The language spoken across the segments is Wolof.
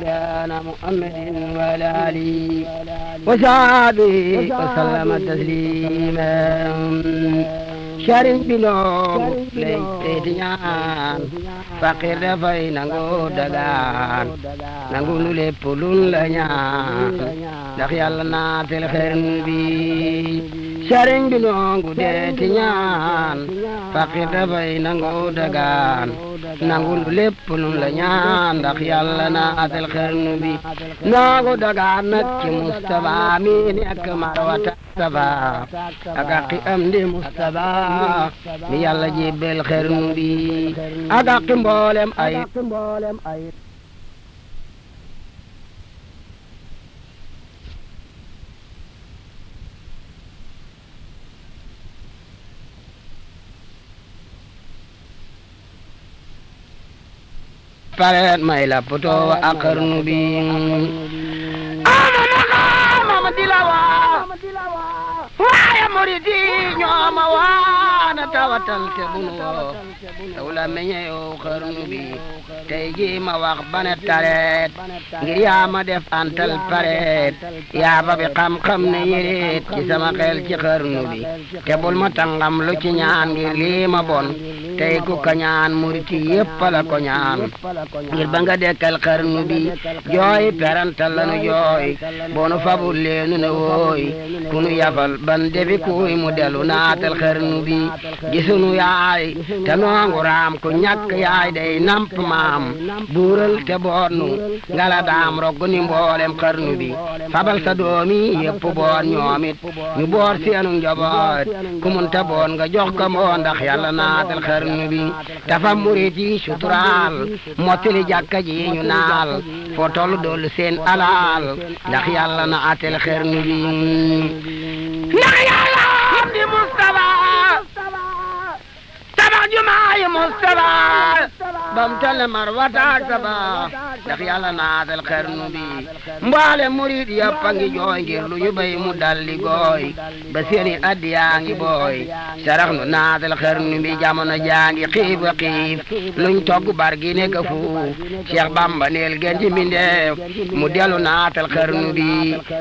مولانا محمد وعلى آله وصحبه وسلم تسليما شرم بنو ليت ñaan faqir dafay nangu dagaan nangu lu lépp luñ la ñaan ndax yàlla naatel xern bi sëriñ bi nongu deeti ñaan faqir dafay nangu dagaan nangul lépp lum la ñaan ndax yàlla na asal xarnu bi naagu dagaan nag ci Mustafa mi nekk marwata Mustafa ak aqi am di Mustafa mi yàlla jébbal xarnu bi ak aqi mboolem ay paret may la poto akarnu bi amana kaama ma dilawa waaye muridi ñooma waana tawatal te bunu woo taw karnu bi tey ji ma wax bane taret ngir yaa ma def antal paret yaa ba bi xam-xam ne yëreet ci sama xel ci karnu bi te bul ma tangam lu ci ñaan ngir lii ma bon tey ku ko ñaan murit yépp la ko ñaan ngir ba nga dekkal xarnu bi jooy perantal lanu jooy boo fabul leenu ne wooy ku yafal ban defi kuy mu delu naatal xarnu bi gisunu yaay te noongu raam ku ñàkk yaay day namp maam buural te boonu ngala daam rogg ni mboolem xarnu bi fabal sa doomi yépp boon ñoomit ñu boor seenu njaboot ku mun te boon nga jox ko moo ndax yàlla naatal xarnu bi dafa muri ci suturaal mottali jàkka ji ñu naal fo tollu doolu seen alaal ndax yàlla na atel xernu bi jumaay Mustafa bam tale marwataak saba ndax yàlla naatal xarnu bi mbaale murid yëpp a ngi jooy ngir lu ñu bay mu dalli gooy ba seeni addiyaa ngi booy sarax nu naatal xarnu bi jamono jaa ngi e xiif a e xiif luñ togg bargi ne ka fuuf Bamba neel gën ci mbindeef mu delu naatal xarnu bi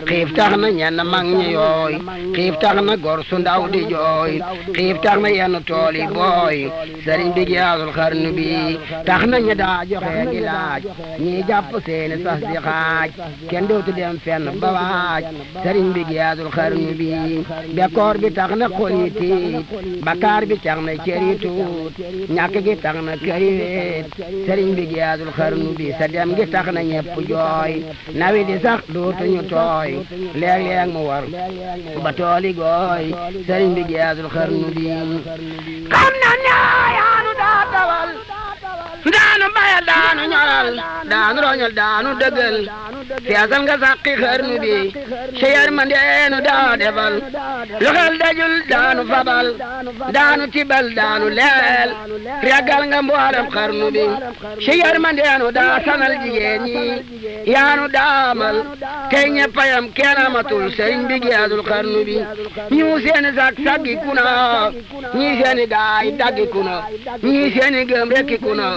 xiif tax na ñenn mag ñi yooy xiif tax na gor ndaw di jooy xiif tax na yenn tool booy sëriñ bi jaasul xarnu bi tax na ñu daa joxe di laaj ñii jàpp seeni sas di xaaj kenn dootu dem fenn ba waaj bi jaasul xarnu bi bekkoor bi tax na xol yi tiit bakkaar bi tax na cër yi tuut ñàkk gi tax na kër yi weet sëriñ bi jaasul xarnu bi sa dem gi tax na ñepp jooy nawi di sax dootuñu tooy léeg-léeg mu war ba tooli gooy sëriñ bi jaasul xarnu bi xam na Brian daanu bayal daanu ñoral daanu roñal daanu dëggal feesal nga sàqi xarnu bi ci yërmande nu daa defal lu xel dajul daanu fabal daanu tibal daanu leel ragal nga mboolem xarnu bi ci yërmande nu daa sanal jigéen ñi yaanu daamal tey ñeppayam kenn amatul sëriñ bi geesul xarnu bi ñu seeni sag kuna ñii seeni daay kuna ñii gëm rekki kuna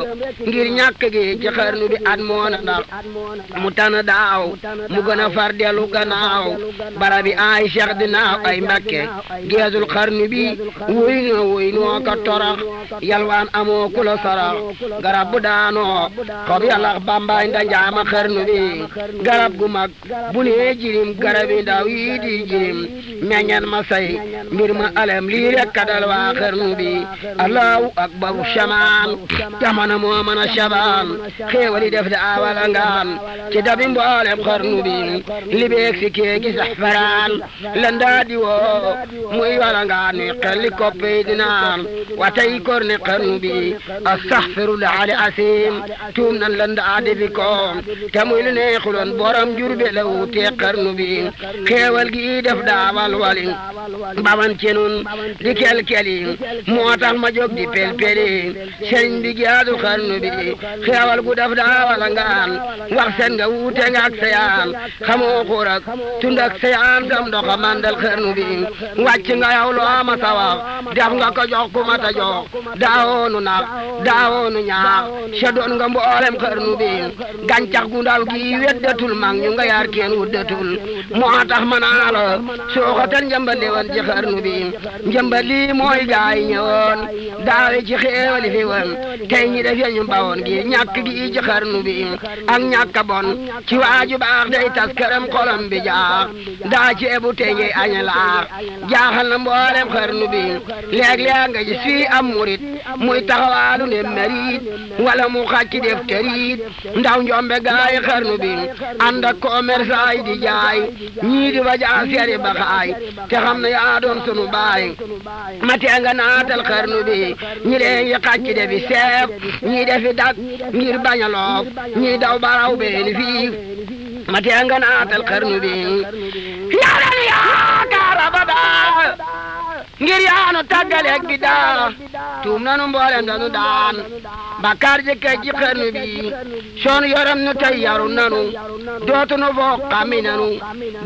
ngir ñàkk gi ci xarnu bi at moona dal mu tan daaw mu gën a far dellu gannaaw barabi ay cheikh dinaaw ay mbakke geesul xarnu bi wuy na wuy noo ka torax yalwaan amoo ku sarax garab bu daanoo xob yalax bambaay ndanjaama xarnu bi garab gu mag bu nee jirim garabi ndaw yii di jirim meññan ma say mbir ma alem lii kadal waa xarnu bi allahu akbaru shamaan jamono moo mën a sabaan xéewali def da awal ngaan ci dabi mboolem xarnu bi li beeg si keegi sax faraan lan daa di woo muy wala ngaan ni xelli koppey dinaan wa tey kor bi astaxfirullah ali asim tuum nan lan daa defi ko te muy neexuloon borom jurbe la wutee xarnu bi xéewal gi def daawal wali baman ci nun di kel keli moo ma jóg di pel peli sëriñ bi jaadu defal nu bi xeewal gu daf daa wala ngaan wax seen nga wuute nga ak seyaan xamoo xuur ak tund ak seyaan gam doxa mandal xernu bi wàcc nga yow loo ma sa wax def nga ko jox ku ma ta jox daawoonu nax daawoonu ñaax se doon nga mboolem xernu bi gàncax gu ndaw gi weddatul mag ñu nga yaar kenn wuddatul moo tax ma naa la suuxatal njëmbali woon ci xernu bi njëmbali mooy gaay ñëwoon daawe ci xeewali fi woon ñi def feeñ bawoon gi ñàkk gi ci xarnu bi ak ñàkk bon ci waaju baax day tas këram xolam bi jaax daa ci ebu teñe añ laax jaaxal na mboolem xarnu bi léeg-léeg nga gis fii am murit muy taxawaalu ne merit wala mu xàcc def terit ndaw njombe gaay xarnu bi ànd ak commerçant yi di jaay ñii di ba jaa seeri ba xaay te xam na yaa sunu baay ma tee naatal xarnu bi ñi leen yi xàcc seef ñii defi dag ngir bañ ñii daw baraw beeli fii ma tee nga naatal xarnu bi yaa leen yaakaar abada ngir yaanu tàggaleeg bi daa tuum nanu mboolem danu daan bakkaar jëkkee ji xarnu bi soon yoram nu tey nanu dootu nu foog xami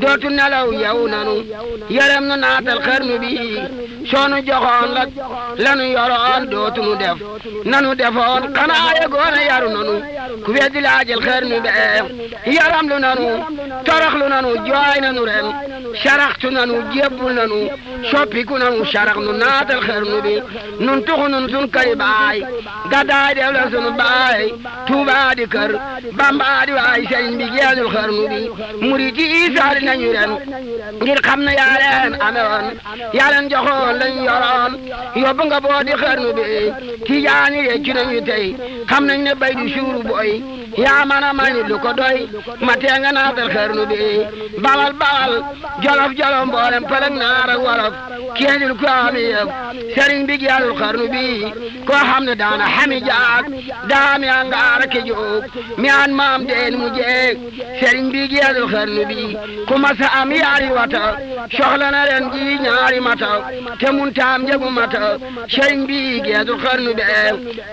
dootu nelaw yew nanu yoram nu naatal xarnu bi coonu joxoon la lanu yoroon dootunu def nanu defoon xanaa yegoona yaru nanu ku weddi laajal xeer nu bee yaram lu nanu torox lu nanu jooy nanu ren saraxtu nanu jébbul nanu soppiku nanu sarax nu naatal xeer nu nun tuxu nun sun kari baay gaddaay def la sunu baay tuubaa di kër bambaa di waay sëriñ bi geenul xeer nu bi murit yi saali nañu ren ngir na yaa leen amewoon joxoon lañ yoroon yóbbu nga boo di xarnu bi tijaani yecci nañu tey xam nañ ne bay di suuru booy yaa mën a mani lu doy ma tee nga naatal xarnu bi bawal bawal jolof jolof mboolem pëlëg naar wolof keedil ku am yëg sëriñ bi koo xam ne daana xami jaag daa mi angaara ke jóg mi an maam deen mu jeeg sëriñ bi jàll xarnu bi ku masa am yaari wata soxla na ren ji ñaari mata te mun taam njëgu mata sëriñ bi jàll xarnu be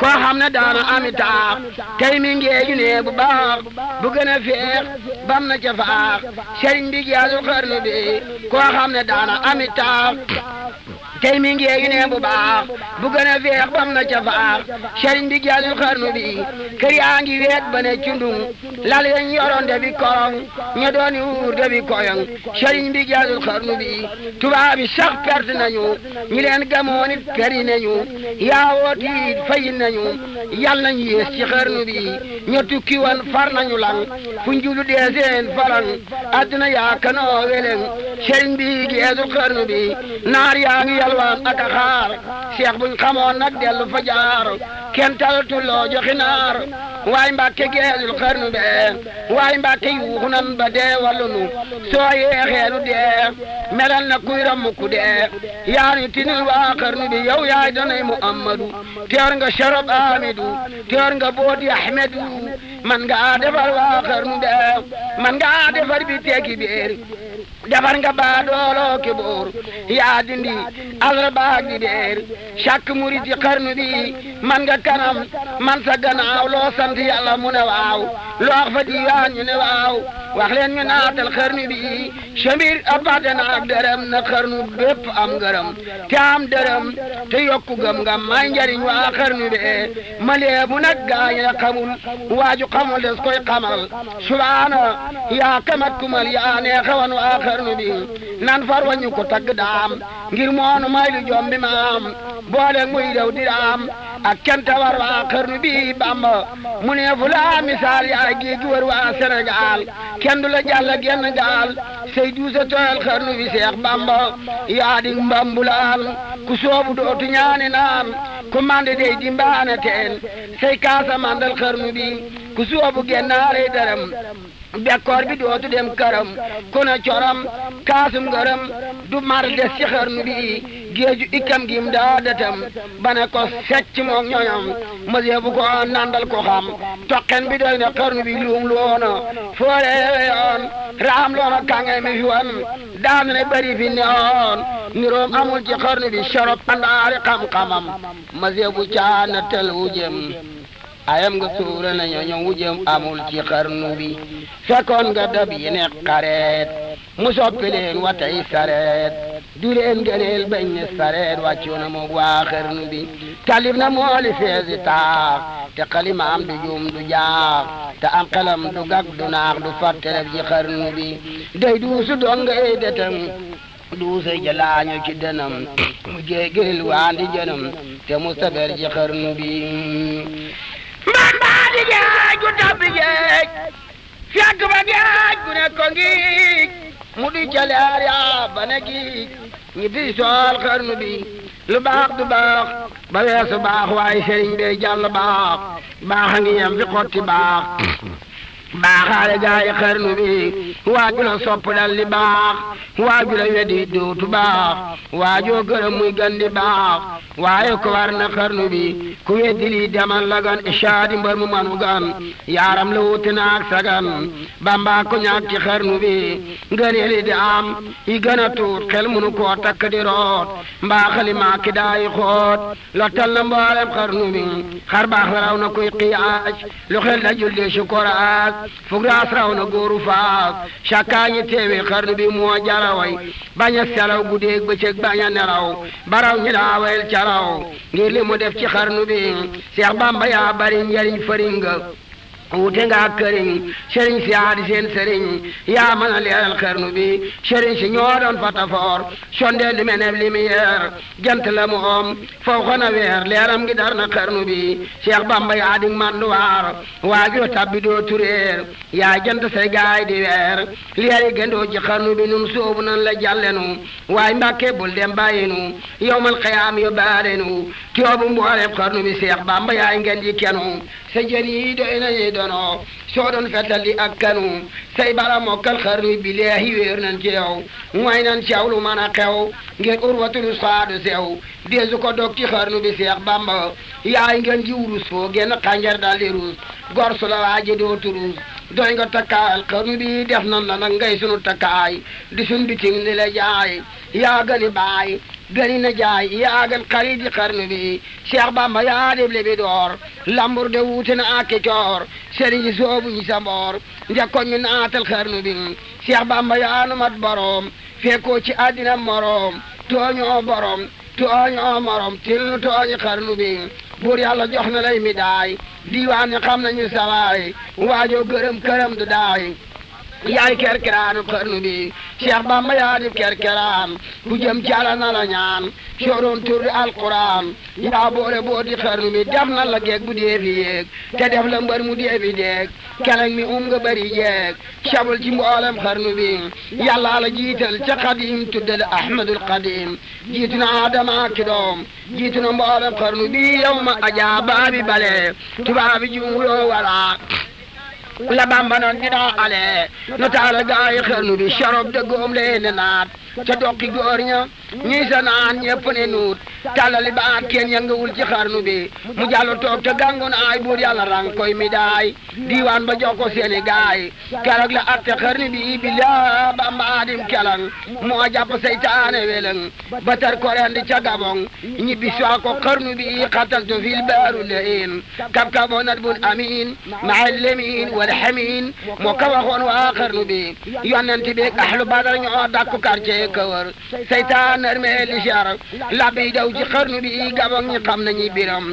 koo xam ne daana ami taax tey mi ngeeju ne bu baax bu gën a feex bam na ca faax sëriñ bi jàll xarnu bi koo xam ne daana ami taax up. tey mi ngi yeegi ne bu baax bu gën a bam na ca faax sëriñ bi jaasul xarnu bi kër yaa ngi weet ba ne cundung lal yañ yoroon de bi korong ña dooni wuur de bi koyong sëriñ bi jaasul xarnu bi tubaab bi sax perte nañu ñi leen gamoon it peri nañu yaawooti fayi nañu yal nañ yées ci xarnu bi ña tukki woon far nañu lang fu njulu deeseen falang adduna yaa kanoo weleng sëriñ bi jaasul xarnu bi naar yaa ngi yàlla yalwaan ak a xaar seex buñ xamoon nag dellu fa jaar kenn talatu loo joxi naar waay mbàkke geelul xarnu bee waay mbàkke yuuxu nan ba dee wàllu nu soo yeexee dee melal na kuy ramu ku dee yaa nu tinil waa xarnu bi yow yaay danay muhammadu teer nga sharab amidu teer nga boodi ahmedu man ngaa defar waa xarnu bee man ngaa defar bi teeki biir defar nga baa dooloo ki buur yaa dindi asra baag di beer càkk murit yi xarnu bi man nga kanam man sa gannaaw loo sant yàlla mu ne waaw loox fa diiwaan ñu ne waaw wax leen ñu naatal xarnu bi chamir abate na ak dërëm na xarnu bépp am ngërëm te am dërëm te yokku gëm nga may njariñ waa xarnu bi malee bu nag gaañe xamul waaju xamul des koy xamal subaana yaa kamat kumal yaa neexawan waa xarnu bi nan far wañu ko tagg daam ngir moonu may lu jombi maam boole muy daw di raam ak kenta war waa xarnu bi Bamba mu ne fu misaal yaa gi gi war waa Sénégal kenn du la jàll genn gaal say duusa tooyal xarnu bi Seex Bamba yaa di mbambulaan ku soobu dootu ñaani naan ku mande dey di mbaane teen say kaasa mandal xarnu ku soobu gennaarey dërëm bekkoor bi dootu dem këram ku corom kaasum ngërëm du mar des ci xarnu bi géeju ikkam gim daa dëtam ba ko secc moog ñoñom mësee bu ko nandal ko xam toqen bi doy na xarnu bi luum loona fooreeyoon raam loona kàngay mi fi wan daan ne bari fi neoon niroom amul ci xarnu bi sharop andaari xam-xamam mësee bu tel wu ayam nga suura nañu ñu wujjam amul ci xarnu bi fekkoon nga dab yi ne xareet mu soppi wa tey sareet du leen gëneel bañ ne sareet wàccu na moog waa xarnu bi talif na mooli feesi taax te xalimaam du juum du jaax te am xelam du gag du naax du fàttelef ci xarnu bi day duusu donga ey detam duuse jalaañu ci dënam mu jéegil waandi jënam te mu saber ci xarnu bi mbaan baa di jaaj gu tabbi jeej fekk ba jaaj gu ne ko mu di ca leer yaa ba ne giig ñi fiy sool xarnu bi lu baax du baax ba weesu baax waaye sëriñ day jàll baax baax a ngi yem fi xotti baax baaxaale gaa yi xarnu bi waajula sopp dal li baax waajula wedi dootu baax waajoo gërëm muy gan di baax waaye ko war na xarnu bi ku weddi lii demal la gan ishaadi mbër mu manu gan yaaram la wuute naag sagan bambaa ko ñaag ci xarnu bi ngëneeli di am yi gën a tuut xel munu koo takk di root mbaaxali maa ki daayi xoot lottal na mboolem xarnu bi xar baax la raw na koy xiyaaj lu xel dajul de si koraas fugra raw na góoru faas cakaañi teewe xarnu bi moo jaraway bañ a selaw guddeeg bëccëg bañ a nelaw baraw ñu daaweel caraw ngir li mu def ci xarnu bi Seex Bamba yaa bari njariñ fëringa wute nga këriñ sëriñ si aadi seen yaa mën a leeral xarnu bi si ñoo doon fatafoor sondeel di meneb lumière jant la mu om faw weer leeram gi dar na xarnu Bamba yaa di manduwaar waajoo tabbi doo turéer yaa jant gaay di weer leeri gëndoo ci nun soobu nan la jàllenu waay mbàkke bul dem bàyyinu yowmal xiyaam yu baarenu tiyoobu mbooleb xarnu bi Bamba yaay ngeen kenu sa jën yi doy nañuy donoo soo doon fetal di ak kanu say mokkal xarnu bi leehi wéer nañ ci yow mooy lu mën a xew ngeen urwatul saadu sew deesu ko dog ci bi seex bamba yaay ngeen ji wurus foo genn xànjar daal di ruus la waaji doo turus doy nga takkaayal xarnu bi def nan la nag ngay takkaay di sun bitim ni jaay yaa gëni baay gëni na jaay yaa gën xarit yi xarnu bi Cheikh Bamba yaa dib li bi door lambur de wuute na ak coor sëriñ yi soobu ñi sa mboor njëkkoon ñu naatal xarnu bi Cheikh Bamba yaa nu mat boroom fekkoo ci àddina moroom tooñoo borom tooñoo morom til nu tooñi xarnu bi buur jox na lay mi daay diiwaan yi xam nañu sawaay waajoo gërëm kërëm du daay yaay kerkeraanu xarnu bi Bamba yaa kerkeraan ku jëm jala na la ñaan soroon turdi yaa boole boo di xarnu bi def na geeg bu dee te def la mu dee keleng mi um nga bëri jeeg ci mboolem xarnu bi yàlla jiital ca xadim tuddal ahmadul xadim jiitu na adama doom jiitu na mboolem xarnu bi ajaa baabi bale tubaabi jumuloo wala la Bamba noon ñu doxalee nu taal gaay xër nu di sorob dëggoom leen naat ca doqi góor ña ñuy sanaan ñëpp ne nuut tàllali baat kenn yëngawul ci xarnu bi mu jàllu toog ca gàngu naay buur yàlla rang koy mi diiwaan ba jox ko seeni gaay keroog la atte xarnu bi bila bamba adim kelang moo jàpp seytaane weleng ba tar ko ca gabong ñibbi soo ko xarnu bi xataltu fil baaru layin kab kaboo nat bun amin maal lemin wal xamin moo ka waxoon waa xarnu bi yonent bi ahlu badar ñoo dakku quartier ka war saytaan armee li siyaara labbi daw ci xarnu bi gabog ñi xam nañuy biram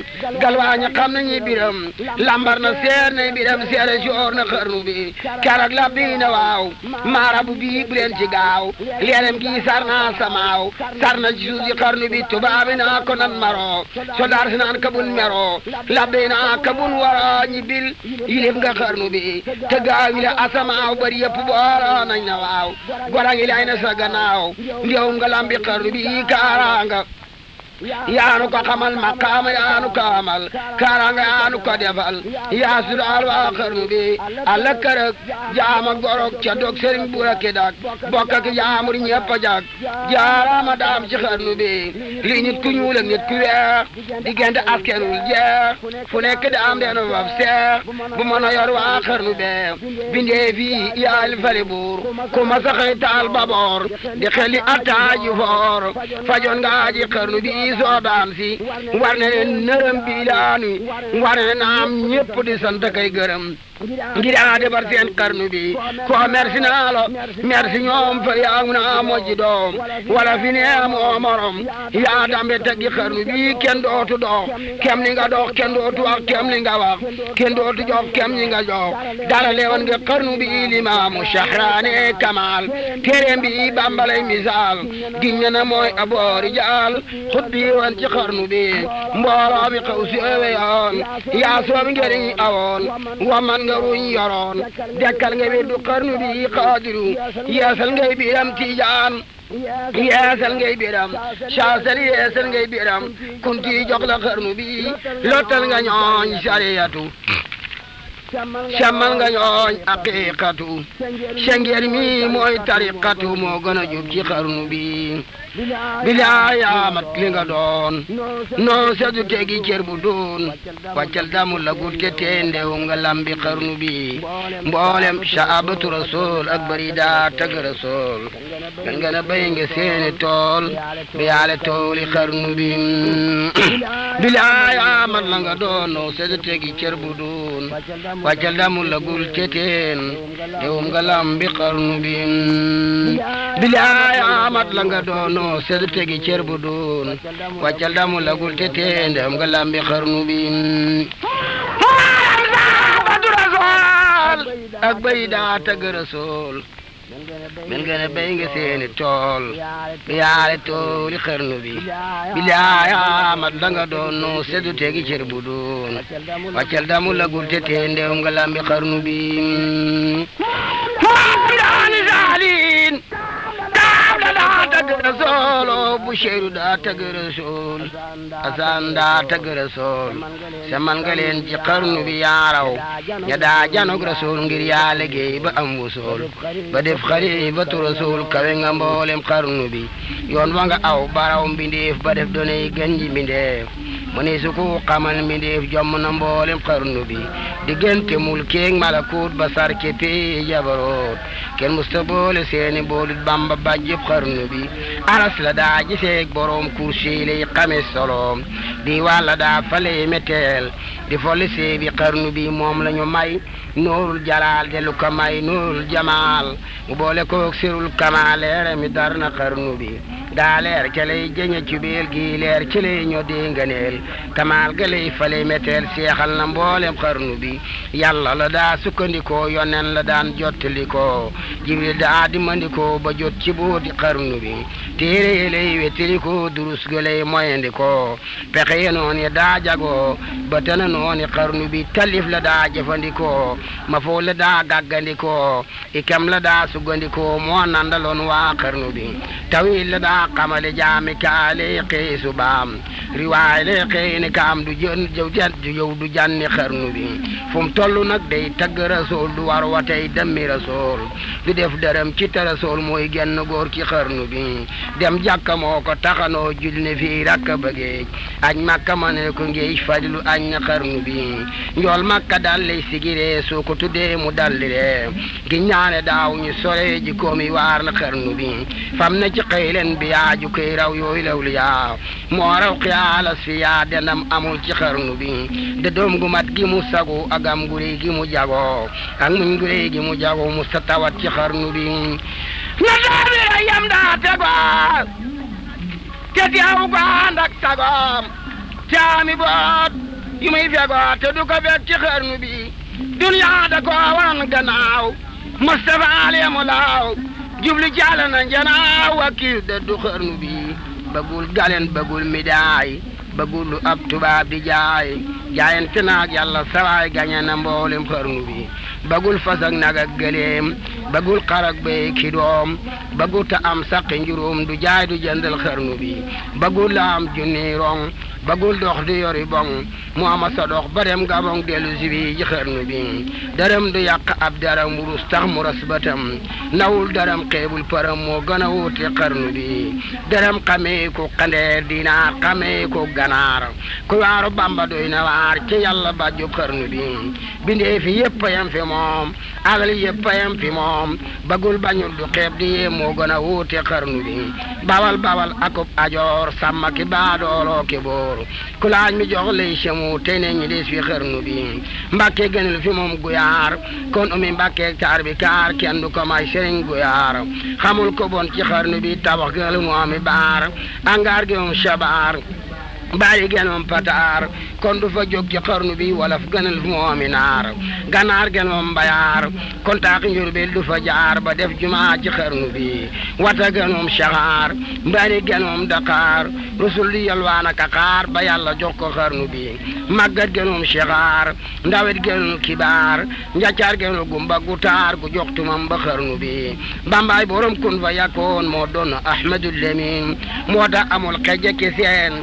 galwaa ñi xam nañuy biram lambar na seer na biram a joor na xarnu bi keroog labbi na waaw maarabu bi bu leen ci gaaw leeram gi sar na samaaw sar na ci suuf ci xarnu bi tubaabi naa ko nan maro sodaar si naan kabun mero labbi naa kabun wara ñi bil yilif nga xarnu bi te gaaw yi la asamaaw bari yëpp booloo nañ na waaw gorangi lay na sa yow yow nga lambi bi kaaraanga yaanu ko xamal maqaama yaanu ko amal kaaraanga yaanu ko defal yaa sunu alwaa xarnu bi alla kërëg jaam ak gorog ca dog sëriñ buura ki dak bokk ak jaamur ñëpp a daam ci xarnu bi li nit ku ñuul nit ku weex diggante askenul jeex fu nekk daam denu fab seex bu mën a yor waa xarnu be bindee fii yaal fali buur ku ma saxay taal baboor di xeli attaaju foor fajoon nga aji xarnu bi ci soodaan si war ne nërëm bi daanu war ne naam ñépp di sant kay gërëm giɗaade bar seen karnu bi ko merci naalo merci ñoom fe yaag na moƴƴi ɗoom wala fineem o morom yaa dambe tagi karnu bi ken dootu ɗox kem nga ɗox ken dootu wax kem nga wax ken dootu jox kem nga jox dara lewan nge karnu bi limamu shahrane kamal tere mbi bambalay misal giññana mooy aboori jaal xutbi wan ci karnu bi mbooloo mi ewe yoon yaa soomi ngeriñ awoon waman yaruñ yoroon dekkal nga wirdu xarnu bi xaadiru yeesal ngay biram tiijaan yeesal ngay biram saasal yeesal ngay biram kunti jox la xarnu bi lottal nga ñooñ sariyatu sàmmal nga ñooñ aqiqatu sengeer mi mooy tariqatu moo gën a jub xarnu bi bilaa yaa mat li nga doon non sedu tegi cër bu doon wàccal damu la gut ke teendewu lambi xarnu bi mboolem saabatu rasul ak bari daa tag gan gën a béy nga seeni tool bi yaale tooli xarnu bi bilaa yaa mat la nga doon non sedu tegi cër bu doon wàccal damu lagul ceteen yowum nga lambi xarnu bi bilaay amat la nga doono sed tegi cer bu doon wàccal damu lagul ceteen yowum nga lambi xarnu bi ak bay daa tagg rasool mën gën a béy nga seeni tool tooli xarnu bi bilaay amat la nga doon nu seddu tegi cër bu doon wàccal damu la gurte te ndew lambi xarnu bi rasool Buseyru daa tagg rasool Asan daa tagg rasool semal nga leen ci xarnu bi yaaraw ña daa janog ngir yaa liggéey ba am wusool ba def xalifatu rasool kawe nga mboolem xarnu bi yoon wa nga aw baraw mbindeef ba def donay gën mbindeef mu ni su ko xamal mbindéef jomm na mboolem xarnu bi diggante mul kéeg malakut ba sar képpé jabaroot kenn musta boole seeni boolut bamba bàjjëb xarnu bi aras la daa giseeg boroom kursi lay xame soloom di wàlla daa fale meteel di folli seebi xarnu bi moom lañu may nuurul jalaal de lu ko may nuurul jamaal boole koog sirul leere mi dar na bi daa leer ca lay jëñe ci biir gii leer ci lay ñoo dee kamaal ga lay meteel seexal na mboolem karnu bi yàlla la daa sukkandikoo yonen la daan jottalikoo jibril daa dimandikoo ba jot ci buuti xarnu bi téere yi lay wettilikoo durus ga lay moyandikoo pexe ye noon yi daa ba tana bi talif la daa jëfandikoo mafoo le daa gàggandikoo ikem le daa sugandikoo moo nandaloon waa xarnu bi tawil le daa xamale jaami kaale xëy subaam riwaay le xëy kaam du jën du yow du janni xarnu bi fu mu toll nag day tagg rasool du war wa tey demmi du def dërëm ci te mooy genn góor ci xarnu bi dem jàkka moo ko taxanoo julli ne fii rakka bëggee añ makka ma ne ko ngiy fajlu añ na xarnu bi njool makka dal lay sigiree soo ko tuddee mu daldi ree gi ñaane ji koom waar na xarnu bi fam na ci xëy bi yaa ju koy raw yaa moo xiyaalas fi yaa denam amul ci xarnu bi de doom gu mat gi mu sagu ak am gu gi mu jago ak muñ gu gi mu jago mu sa ci xarnu bi na daabira yam daa tegoor te teewu ko ànd ak sagoom caami boot yu muy fegoo te du ko fekk ci xarnu duniyaa da ko waan gannaaw Moustapha Aliamu laaw jublu njanaaw wakiis da du xarnu bi bëggul galen bëggul midaay bëggul lu ab tubaab di jaay jaayante yàlla sawaay gañe na mboolem xarnu bi bëggul fas ak nag bëggul xar ak ki doom bëggul ta am saqi njuróom du jaay du jëndal xarnu bi bëggul la am rong bagul dox di yori boŋ mu ama sa dox ba dem gaboŋ dellu si bi ji xërnu dërëm du yàq ab daram wurus tax mu ras nawul daram xeebul param moo gën a wuuti xërnu bi dërëm xamee ko xandeer dinaar xamee ko ganaar ku waaru bamba doy na waar ci yàlla ba jub xërnu bi bindee fi fi moom agli yëpp fi moom bagul bañul du xeeb di yee moo gën a wuuti xërnu bi bawal bawal akub ajoor sàmmaki baadooloo ki boo buur kulaaj mi jox lay semu tey ne ñi fi xërnu bi mbàkke gënal fi moom guyaar kon umi mbàkke taar bi kaar kenn ko may sëriñ guyaar xamul ko bon ci xërnu bi tabax gënal mu ami baar angaar gi moom shabaar baali genoom pataar kon du fa jóg ci xarnu bi walaf gënal moomi naar ganaar genoom mbayaar kon taaxi njurbel du fa jaar ba def jumaa ci xarnu bi wata genoom saxaar mbaali genoom daqaar rusul di yalwaan ak ba yàlla jox ko xarnu bi màggat genoom saxaar ndawet genoom kibaar njaccaar genoom gumba gu gu jox tumam ba xarnu bi bambaay borom kun fa yakkoon moo doon lemin moo amul xejje ki seen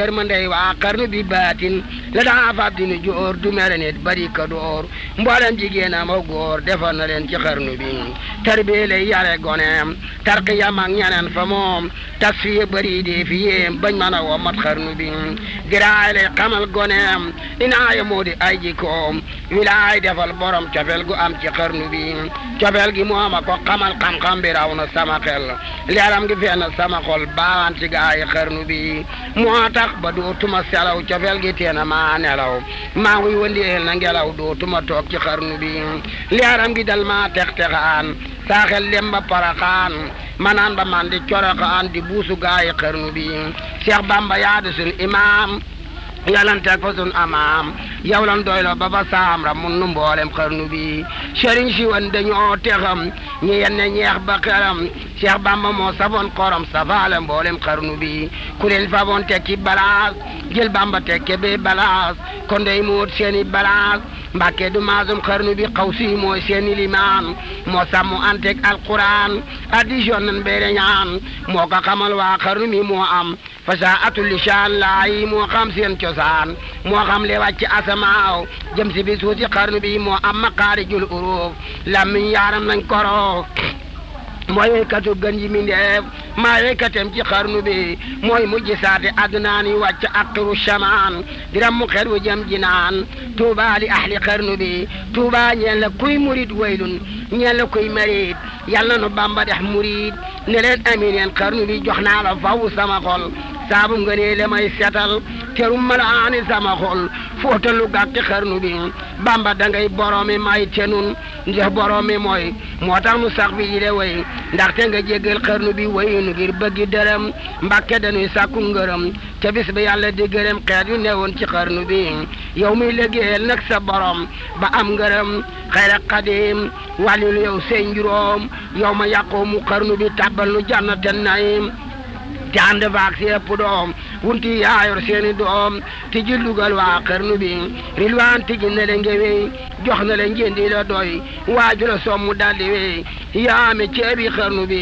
yërmandey waa xarnu bi baatin la daa fab di joor du mere nit bari ka door mboolem jigéenam ak góor defal na leen ci xarnu bi tarbiya lay yare goneem tarqiyam ak fa moom tas fiye bari dee fi yéem bañ mën a woo mat xarnu bi giraay lay xamal goneem inaaya moo di ay jikkoom wilaay defal borom cofeel gu am ci xarnu bi cofeel gi moo ma ko xamal xam-xam bi na sama xel leeram gi fenn sama xol baawaan ci gaay xarnu bi moo tax nag ba dootuma selaw cofeel gi teena maa nelaw maa ngi wëndeel na ngelaw dootuma toog ci xarnu bi leeram gi dal maa tex saaxel dem ba paraxaan manaan ba man di coroxaan di buusu gaayi xarnu bi Cheikh Bamba yaa di sun imaam yalanteeg fa sun amaam yow lan ba ba saam ra mun nu mboolem xarnu bi sëriñ si wan dañoo texam ñi ñeex ba xeram Cheikh Bamba moo saboon korom safaale mboolem xarnu bi ku leen faboon tekki balaas jël Bamba tekke be balaas kon dey mu wut seeni balaas Mbàkke du maasum xarnu bi xaw si mooy seeni limaan moo sàmm antek alquran addition nan beere ñaan moo ko xamal waa xarnu mi moo am fasaatu lisaan laay moo xam seen cosaan moo xam le wàcc asamaaw jëm si bi suusi xarnu bi moo am maqaarijul uruuf lammiñ yaaram nañ koroo mooy waykatu gën yi mindeef maa waykatem ci xarnu bi mooy mujj saate adnaan yi wàcc aqiru shamaan diram mu xer wu jinaan tuuba li ahli xarnu bi tuuba ñeen la kuy murid waylun ñeen la kuy marid yàlla nu bamba dex murid ne leen amin bi jox naa la faw sama xol saabu nga nee la may setal terum malaani sama xol fuuta lu gàtti xarnu bi bamba dangay boroomi may te nun ndax boroomi mooy moo tax mu sax bi yile way ndaxte nga jéggal xarnu bi wayun ngir bëggi dërëm mbàkke dañuy sàkku ngërëm te bis bi yàlla di gërëm xeet yu newoon ci xarnu bi yow muy liggéeyal nag sa borom ba am ngërëm xayra xadim wàllil yow seen juróom yow ma yàqoo mu xarnu bi tàbbal nu jànnaten naim te ànd vaak si wulti yaayor seeni doom tiji lugal waa xarnu bi rilwaan tiji na le ngewey jox na le ngendi la doy waaju la sommu daldi wey yaame ceebi xarnu bi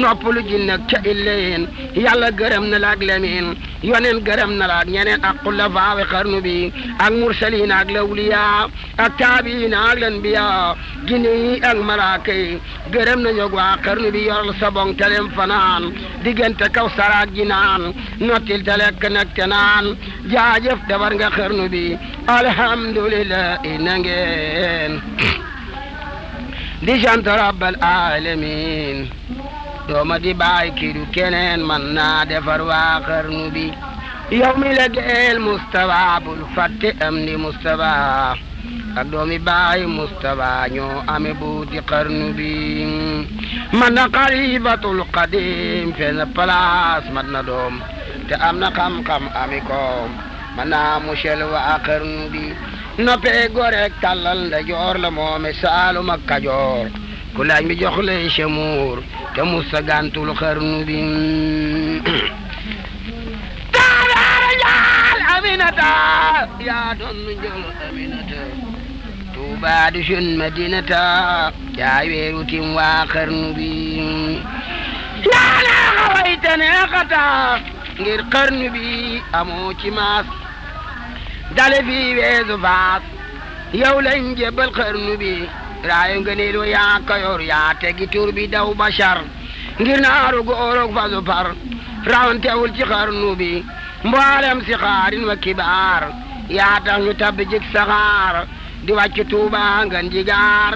noppalu ji nag ca illeen yàlla gërëm na la ak lemin yonen gërëm na la ak ñeneen ak xulafaawe bi ak mursaliin ak lawliya ak taabiin ak lanbiya gine yi ak malaaka yi gërëm nañu waa xarnu bi yoral sabong telem fanaan diggante kaw saraak jinaan nottil te lekk nag te naan jaajëf defar nga xarnu bi alhamdulilahi na ngeen di sant rabbal alamin dooma di bàyyi kii keneen man naa defar waa xarnu bi yow mi la geel Moustapha bul fàtte am di Moustapha ak doomi baay Moustapha ñoo ame buuti xarnu bi man na xalifatul xadim fenn place mat na doom te am na xam-xam ami koom mën naa musel wa aqarnu bi noppee goreeg tàllal da joor la moome saalum ak kajoor ku laaj mi jox lay semuur te musa gàntul xarnu bi taalaara jaal aminata yaa doon nu aminata tuubaa du sun madinata yaa weeru tim waa xarnu bi yaa naa xawayta neexata ngir xarnu bi amoo ci dale fii weesu faas yow lañ jébbal xarnu bi raayu ngëneelu yaa kayoor yaa tegi tur bi daw bachar ngir naaru góorog fasu par rawantewul ci xarnu bi mboolem si xaarin wa kibaar yaa tax ñu tabbi jik saxaar di wàcc tuuba ngan jigaar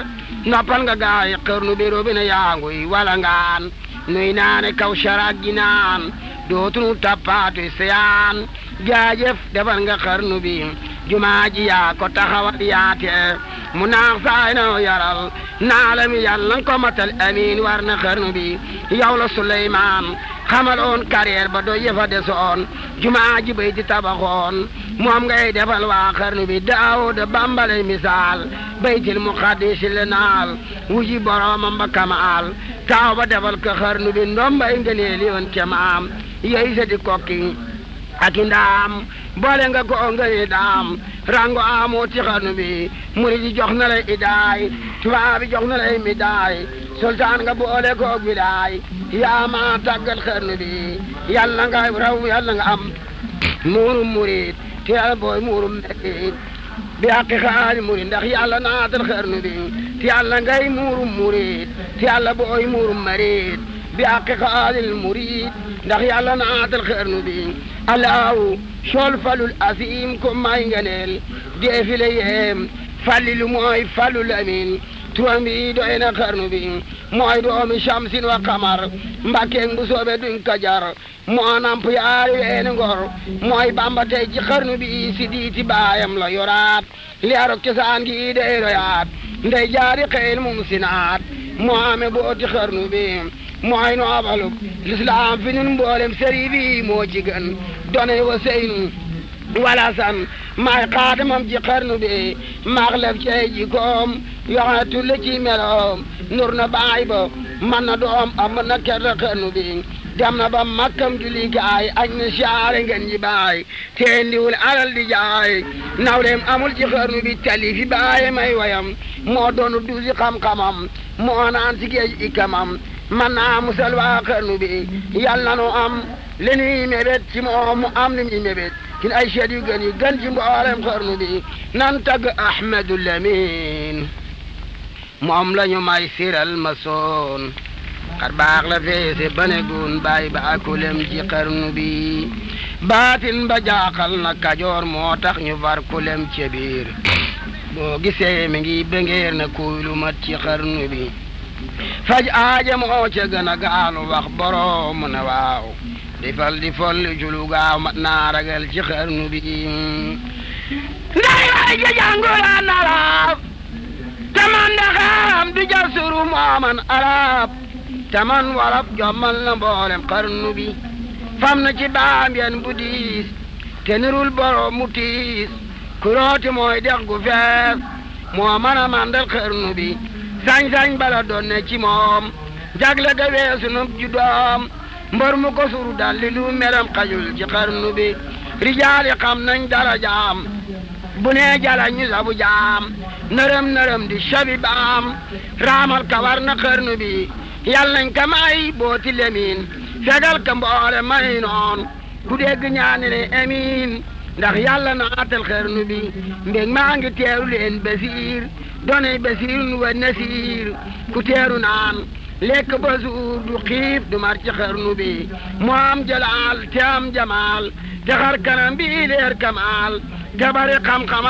noppal nga gaay xarnu bi robina yaa nguy wala ngaan nuy naane kaw saraag gi naan dootul tappaatu siyaan jaajëf defar nga xarnu bi jumaa ji yaa ko taxawal yaate mu naax saay na yaral naalam yàlla ko matal amiin war na xarnu bi yow la Suleymaan xamal oon carrière ba doo yëfa desoon jumaa ji bay di tabaxoon moom ngay defal waa xarnu bi Daawuda bambale misaal baytil muqaddis la naal wuji boroomam ba kamaal taaw ba defal ko xarnu bi ndombay ngëneeli yoon kemaam yey sedi kokki aki boole nga ko ngëri daam rango amu tixanu bi muridi jox na lay idaay tubaabi jox na lay midaay sultaan nga boole ko gidaay yaa ma tàggal bi yàlla nga raw yàlla nga am muurum murid te yàlla booy muurum mekkit bi àqi xaali bi te yàlla ngay muurum murid te yàlla booy muurum marid bi aqiqaalil murid ndax yàlla naatal xërnu bi alaaw sool falul asim ko may ngeneel dee fi la yeem fàllilu mooy fàllul amin turam bi doy na xarnu mooy doomi shamsin wa qamar mbàkkeeg bu soobe duñ ko jar moo namp yaari weeni ngor mooy bamba tey ci xarnu bi si diiti baayam la yoraat leeruk cosaan gi dey doyaat ndey jaari xeyl mum moo ame booti xarnu bi mooy nu abalug lislaam fi ñun mboolem sëriñ bi moo ci gën donay wa seynu wala san maay xaadamam ji xarnu bi maaxlef cey ji koom yoxe tulle ci meloom nur na baay ba man na doom am na kerta xarnu bi dem na ba makkam julli gaay añ na saare ji baay teen diwul alal di jaay nawleem amul ci xarnu bi tali baaye may wayam moo doonu duusi xam moo naan si géej ikamam man naa musal waa xarnu bi yàlla na am li nuy mébét ci moom mu am li muy mébét ci ay seet yu gën yu gën ci mboolem xarnu bi nan tagg Ahmadu Lamin moom la ñu may siral ma soon xar baax la feese ba gun bàyyi ba akulem ci xarnu bi baatin ba jaaxal na kajoor moo tax ñu far kulem ci biir boo gisee mi ngi bëngeer na kuy lu mat ci xarnu bi faj aajam xoo ca gën a gaanu wax boroom mu ne waaw di fal gaaw mat naa ragal ci xarnu bi nday way ja jàngulaan arab taman daxaam du jar suru mooman arab taman warab jommal na mboolem xarnu bi fam na ci baam bu diis te nirul boroom mu tiis mooy dex gu fees moo mën a mandal bi sañ-sañ bala doon ne ci moom jagle ga weesu nub juddoom mbër mu ko suru dal li xajul ci xarnu bi rijaali xam nañ dara jaam bu nee jala ñu sabu jaam nërëm nërëm di shabi baam raamal ka na xarnu bi yal nañ ka may booti lemin fegal ka mboole may noon ku dégg ñaani ne amiin ndax yàlla naatal xarnu bi mbég maa ngi teeru leen basiir doonay basiirun wa nasiir ku teeru lekk ba du xiif du mar ci xarnu bi mu am jalaal te am jamaal te xar kanam bi leer kamaal te bari xam-xam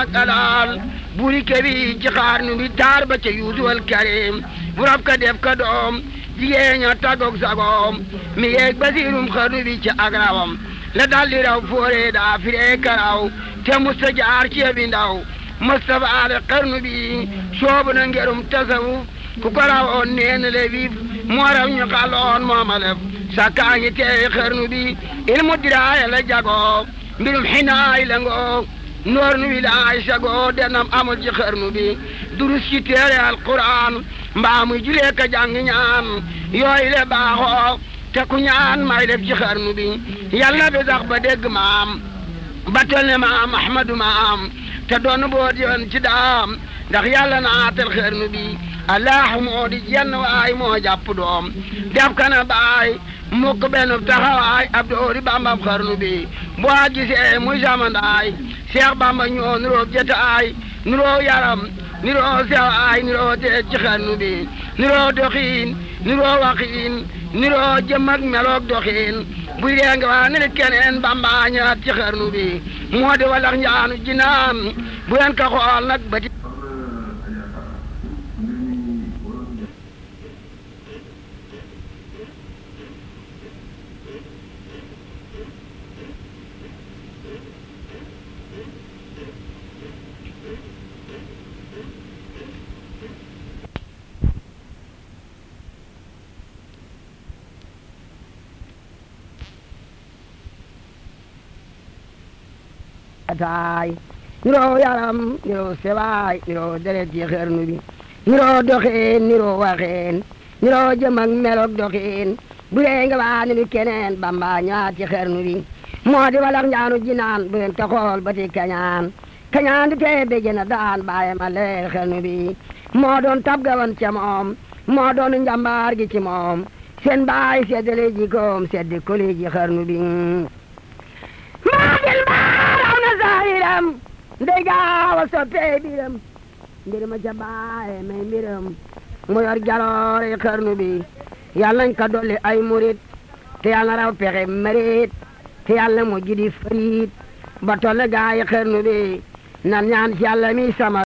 buri kebi ci xarnu bi taar ba ca yuusu al karim bu doom jigéen ña tagog mi yeeg basiirum xarnu bi ci ak rawam la daldi raw foore daa firee karaw te musta jaar ci bi mustafa ala qarnu bi soobu na ngerum tasawuf ku ko raw oon nee na le moo raw ñu xàll oon moomalef sakkaa ngi teewi xarnu bi ilmu diraaya la jagoo mbirum xinaay la ngoo noor nu wilaay sagoo denam amul ci bi durus ci téere alquran mbaa muy julee ka jàng ñaan yooyu le baaxoo te ku ñaan may def ci bi yàlla bi sax ba dégg maam ba ne maam ahmadu maam te doon boot ci daam ndax yàlla na aatal xërnu bi alaahu moo di jenn waay moo jàpp doom def kana baay mukk benn taxawaay ab doori bambam xërnu bi boo gisee muy samandaay seex bamba ñoo nuroo jataay nuroo yaram nuroo sewaay nuroo teej ci xërnu bi nuroo doxiin nuroo waxiin nuroo jëm ak meloog doxiin buy dee nga waa ne ne keneen Bamba ñëwaat ci xarnu bi moo di walax njaanu jinaan bu leen ka xool nag ba taay niroo yaram niroo sewaay niroo deret yi xërnu bi niroo doxin niroo waxin niroo jëm ak melok doxin bu dee nga waa ni keneen bamba ñaar ci xërnu bi moo di walax njaanu jinaan bu leen taxool ba ti kañaan kañaan di tee béje na daan bàyyi ma leer xërnu bi moo doon tab gawan ca moo doon njambaar gi ci moom seen baay seddale jikoom seddi kuli ji xërnu bi mbiram ndey gaaw a soppee biram mbir ma ca baaye may mbiram mu yor jaloore xarnu ko dolli ay murit te yàlla na raw pexe mërit te yàlla mu jidi farit ba tolle gaay xarnu bi nan ñaan ci yàlla mi sama